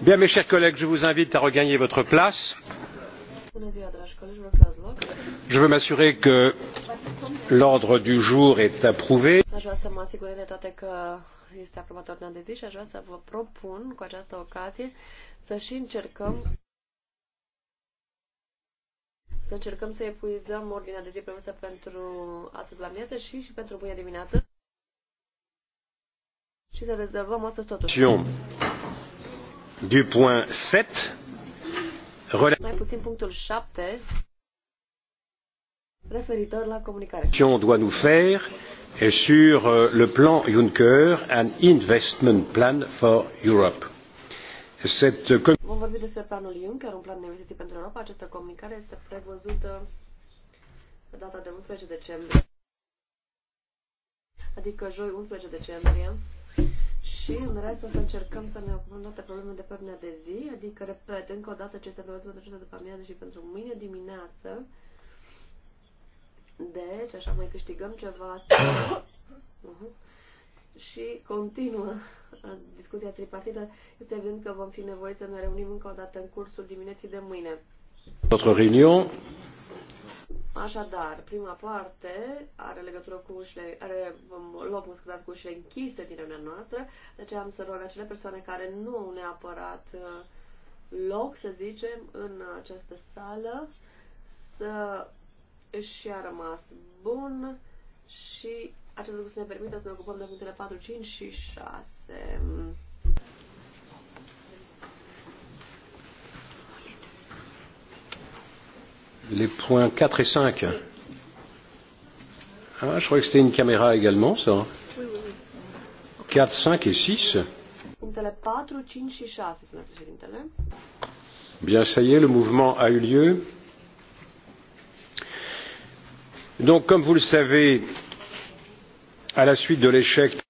Bien, mes chers collègues, je vous invite à regagner votre place. Je veux m'assurer que l'ordre du jour est approuvé. Aș vrea de toate este aprobată ordinea de zi și aș vrea să vă propun cu această ocazie să și încercăm să încercăm să epuizăm ordinea de zi premisă pentru astăzi la mieză și, și pentru mâine dimineață și să rezolvăm astăzi totuși. Du point 7. Mai puțin punctul 7 referitor la comunicare. doit nous faire et sur euh, le plan Juncker, an investment plan for Europe Cette... Vom vorbi despre planul Juncker, un plan de investiții pentru Europa. Această comunicare este prevăzută pe data de 11 decembrie, adică joi 11 decembrie. Și în rest o să încercăm să ne ocupăm toate problemele de pe ordinea de zi, adică repet încă o dată ce este prevăzut pentru această după amiază și pentru mâine dimineață. Deci, așa mai câștigăm ceva. uh -huh și continuă discuția tripartită. Este evident că vom fi nevoiți să ne reunim încă o dată în cursul dimineții de mâine. Notre réunion. Așadar, prima parte are legătură cu ușile, are, vom lua, mă scuzați, cu ușile închise din reuniunea noastră, de aceea am să rog acele persoane care nu au neapărat uh, loc, să zicem, în această sală, să își a rămas bun și acest lucru să ne permită să ne ocupăm de punctele 4, 5 și 6. Les points 4 et 5. Ah, je crois que c'était une caméra également, ça. Oui, oui, oui. 4, 5 et 6. Punctele 4, 5 și 6, spune președintele. Bien, ça y est, le mouvement a eu lieu comme vous le savez à la suite de l'échec